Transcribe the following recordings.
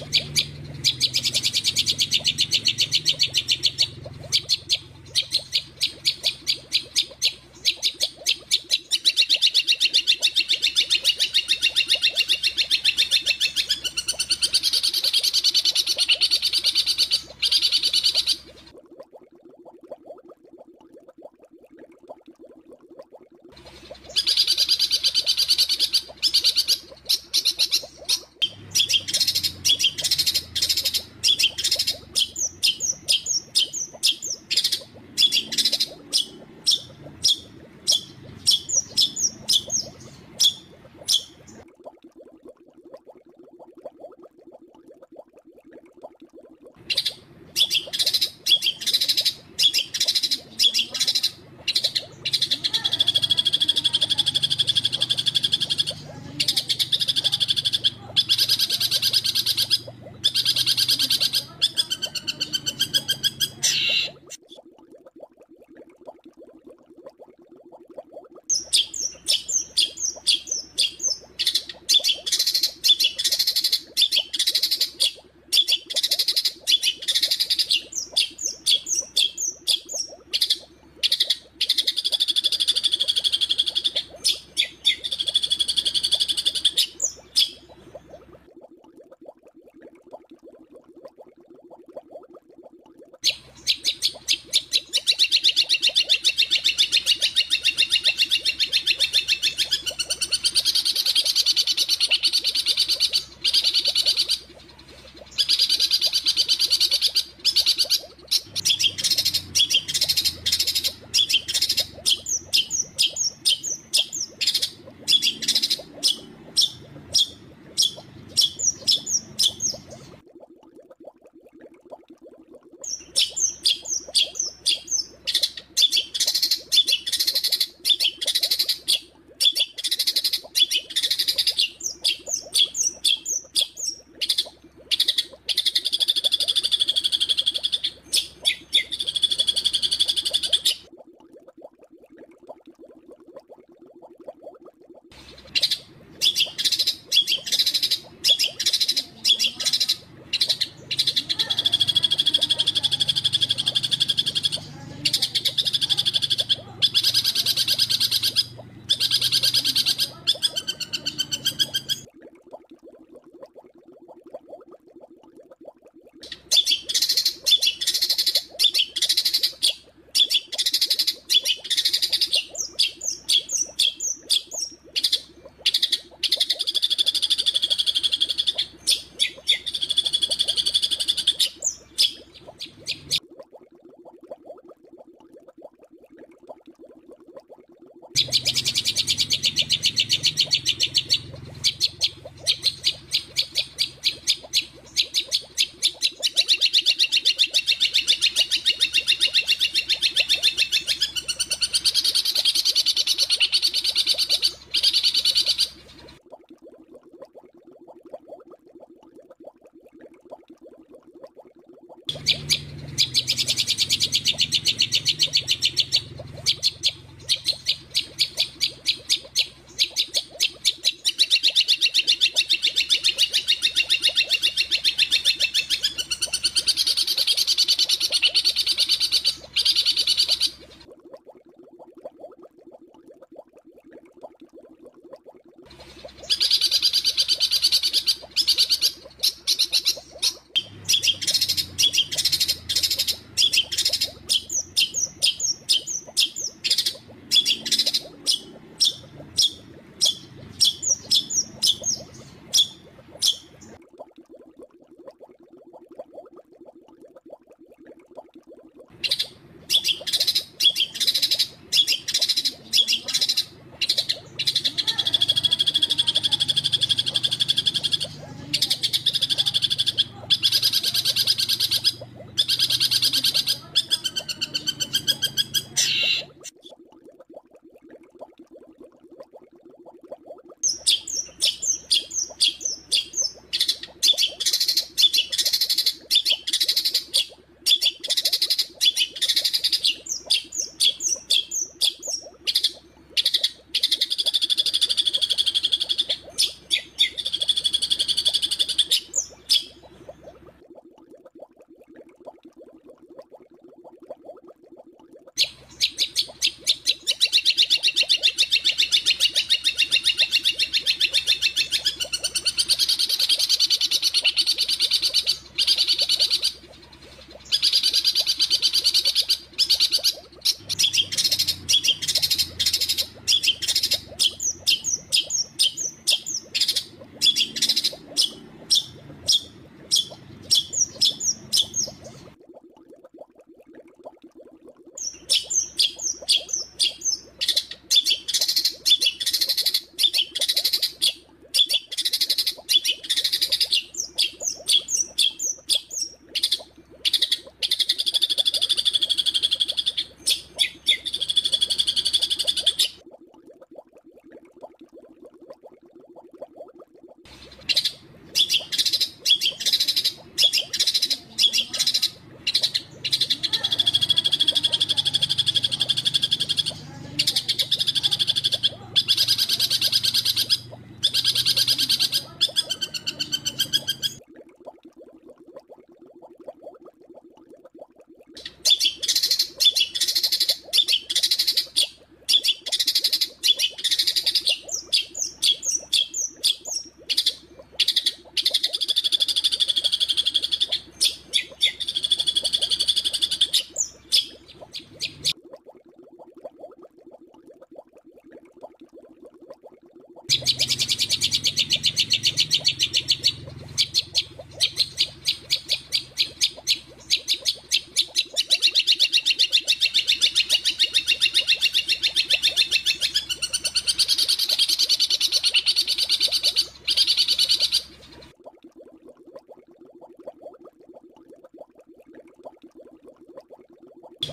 Thank you. you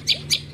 you